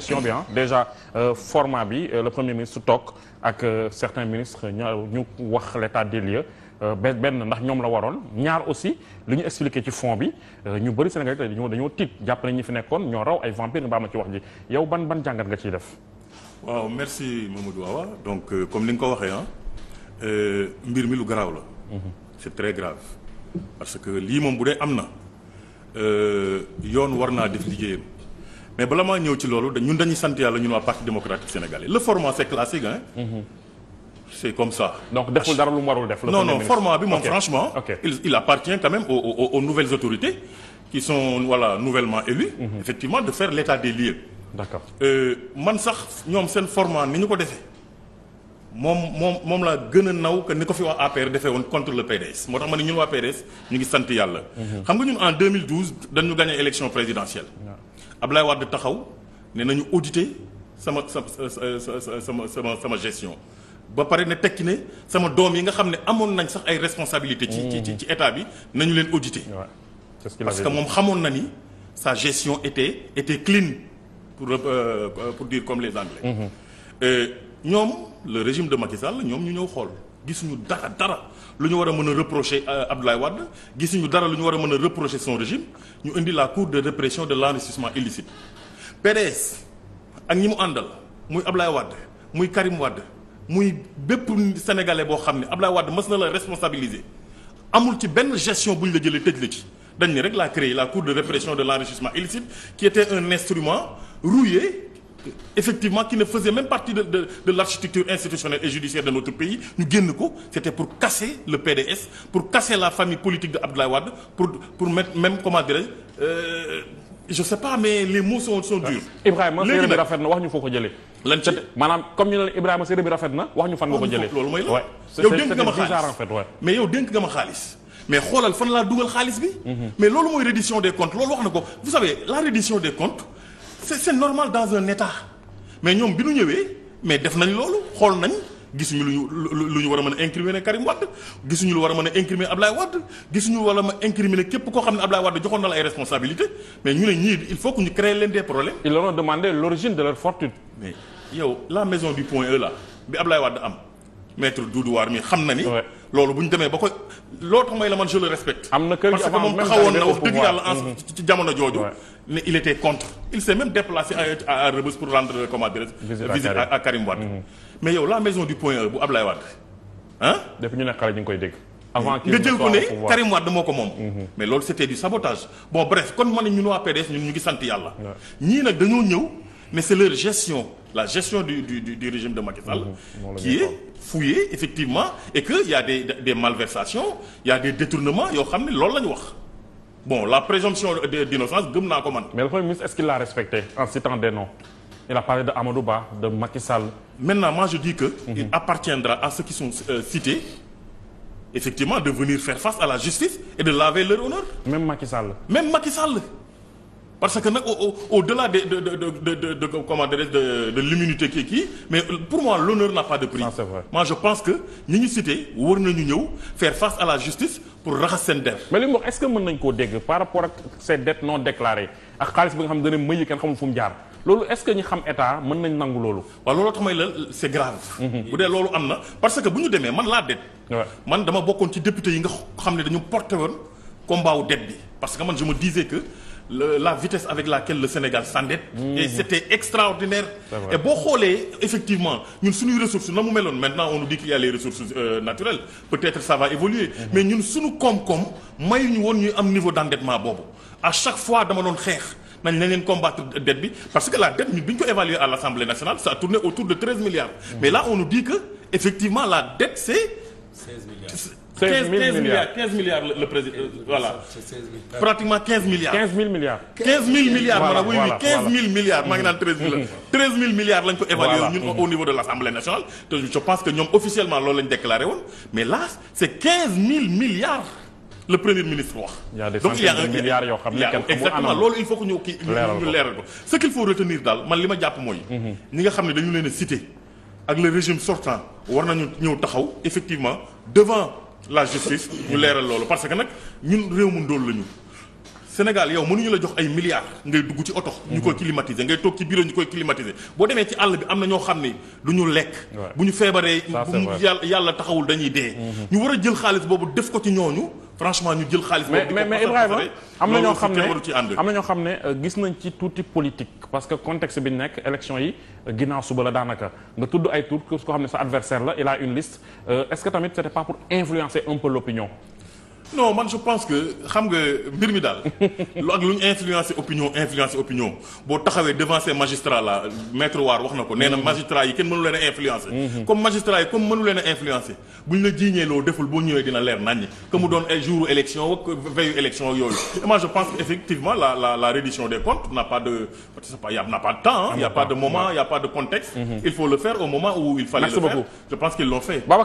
question bi ah déjà euh, format bi euh, le premier ministre toog ak euh, certains ministres ñu wax l'état des lieux benn ndax ñoom la waroon ñaar aussi li ñu expliqué ci fond bi ñu bëri Sénégal tey dañoo dañoo tiit jàpp nañ ñi fi nekkoon ñoo raw ay vampire nga ma ci wax ji yow ban ban jàngat nga ciy def. waaw merci Mamadou Awa donc comme li nga ko waxee ah mbir mi lu garaaw la. Mhm. c'est très grave parce que lii moom bu dee am na yoon war naa def liggéeyam. mais bala maa ñëw ci loolu ñun dañuy sant yàlla ñun waa parti démocratique sénégalais le format c'est classique hein. Mm-hmm. c'est comme ça. donc dara lu mu warul def. non non format bi moom franchement. il il appartient quand même aux aux nouvelles autorités. qui sont voilà nouvellement élus. Mm-hmm. effectivement de faire l'état des lieux. Euh, man sax ñoom seen format ni ñu ko defee moom moom moom laa gën a naw que ni ko fi waa APR defee woon contre le PDS moo tax ma ne ñun waa Ablaye Wade taxaw ne nañu auditer sama sa sa sama sama sama gestion ba pare ne tekki ne sama doom yi nga xam ne amoon nañ sax ay responsabilité ci ci ci état bi nañu leen auditer. parce que moom xamoon na ni sa gestion était était clean pour euh, pour dire comme les Anglais. Mm-hmm. Euh, ñoom le régime de Macky Sall ñoom ñu ñëw xool. gisuñu dara dara lu ñu war a mën a reprocher euh, Abdoulaye Wade gisuñu dara lu ñu war a mën a reprocher son régime ñu indi la cour de répression de l'enrichissement illicite PDS ak ñi mu àndal muy Abdoulaye Wade muy Karim Wade muy bépp sénégalais boo xam ne Abdoulaye Wade mës na la responsabiliser amul ci benn gestion bu ñu la jëlee tëj la ci dañ ne rek la créé la cour de répression de l'enrichissement illicite qui était un instrument rouillé effectivement qui ne faisait même partie de de de l'architecture institutionnelle et judiciaire de notre pays ñu génn ko c'était pour casser le PDS pour casser la famille politique de Abdoulaye Wade pour mettre même comment dirais-je euh, sais pas mais les mots sont sont Ibrahima séeréer bi rafet na wax ñu foo ko jëlee. lan ci maanaam comme ñu ne Ibrahima séeréer bi rafet na wax ñu fan nga ko jëlee. loolu mooy la yow dénk nga ma xaalis mais xoolal fan mhm. la reddition c'est c'est normal dans un état mais ñoom bi nu ñëwee mais def nañ loolu xool nañ gisuñu lu ñu lu ñu war a mën a incriminer Karim Wade gisuñu lu war a mën a incriminer Ablaye gisuñu lu war a mën a incriminer képp koo xam ne Ablaye Wade joxoon na la ay responsabilité mais ñu ne ñii il faut que ñu créer leen des problèmes. ils leur ont demandé l'origine de leur fortune. mais yow la maison du point E là bi Ablaye Wade am. maître Doudou War mi xam na ni. loolu bu ñu demee ba ko loo tax may la man je le respecte. na kër parce que moom taxawoon na wax dëgg yàlla en mhm. ci jamono jooju. ne il était contre il s'est même déplacé à à pour rendre euh, comment dirais-je. visite euh, Karim Wade. Mhm. mais yow la maison du point E bu Ablaye Wade ah. depuis ñu ne xale ñu ngi koy dégg. avant mhm. nga jël ko ne Karim Wade moo ko moom. mais loolu c'était du sabotage bon bref kon man ñun waa PDS ñu ngi sant yàlla. ñii nag dañoo ñëw. mais c'est leur gestion la gestion du régime de Macky Sall. Mhm. qui est fouillée effectivement et que y a des des malversations y a des détournements yoo xam ne loolu la ñu wax. bon la présomption d'innocence gëm naa ko man. mais le premier ministre est-ce qu'il l'a respecté en citant des noms. il a parlé de Amadou de Macky Sall. maintenant moi je dis que. Mm il appartiendra à ceux qui sont euh, cités. effectivement de venir faire face à la justice et de laver Sall. même Macky Sall. parce que nag au au delà de de de de de de de de l'immunité kii kii mais pour moi l'honneur n'a pas de prix. c'est vrai moi je pense que ñi ñu cité war nañu ñëw faire face à la justice pour raxas seen der. mais li est-ce que mën nañ koo dégg par rapport ak ces dettes non déclarées ak xaalis bi nga xam ne dana mëy kenn xamul fu mu loolu mën nañ nangu loolu. waaw mhm. loolu am na parce que bu ñu demee man laa dette. man dama bokkoon ci député yi nga xam ne dañu porté woon combat wu bi parce que man je me le la vitesse avec laquelle le Sénégal s'endette mmh. et c'était extraordinaire et boo xoolee effectivement ñun suñuy ressources na mu meloon maintenant on nous dit qu'il y a les ressources euh, naturelles peut-être ça va évoluer mmh. mais ñun suñu koom-koom ñu woon ñu am niveau d'endettement boobu a chaque fois dama doon xeex nañ ne leen combattre dette bi parce que la dette ñun bi ñu ko évaluer à l'Assemblée nationale ça tournait autour de 13 milliards mmh. mais là on nous dit milliards milliards milliards le président euh, voilà. milliards. milliards. milliards maa ngi naan mm-hmm. milliards lañ ko évalué ñun mm-hmm. au niveau de l' nationale. te je pense que ñoom officiellement loolu lañ déclaré woon mais là c' milliards. le premier ministre wax. donc il y a un milliard yoo xam exactement loolu il faut que ñu kii. ñu leeral ko ce qu'il faut retenir daal man li ma jàpp mooy. Mm-hmm. ñi nga xam ne dañu leen cité. ak le régime sortant war nañu ñëw taxaw effectivement devant la justice ñu leeral loolu parce que nag ñun réew mu ndóol la ñu Sénégal yow mënuñu la jox ay milliards ngay dugg ci oto. ñu koy mhm. climatiser ngay toog ci bureau ñu koy climatiser boo demee ci àll bi am na ñoo xam ni du ñu lekk. bu ñu feebaree. bu yàlla yàlla taxawul dañuy dee. Mhm. ñu war a jël xaalis boobu def ko ci ñooñu. franchement ñu jël xaalis. mais mais mais Ibrahima am na ñoo xam ne am na ñoo xam ne gis nañ ci tuuti politique. parce que contexte bi ñu nekk élection yi euh, ginnaaw suba la daanaka nga tudd ay tur koo xam ne sa adversaire la il a une liste euh, est-ce que tamit c'était pas pour influencer un peu l'opinion non man je pense que xam nga mbir mi daal lu ak lu ñu influencé opinion influencé opinion boo taxawee devant ces magistrats là maître waar wax na ko nee na mm-hmm. magistrats yi kenn mënu leen a influencé mm-hmm. comme magistrats yi comme mënu leen bu ñu la jiiñee loo deful boo ñëwee dina leer naññ que mu doon ay élection ak veille élection yooyu moi je pense effectivement la la la des comptes n'a pas de a n'a pas de temps y pas de moment y a pas de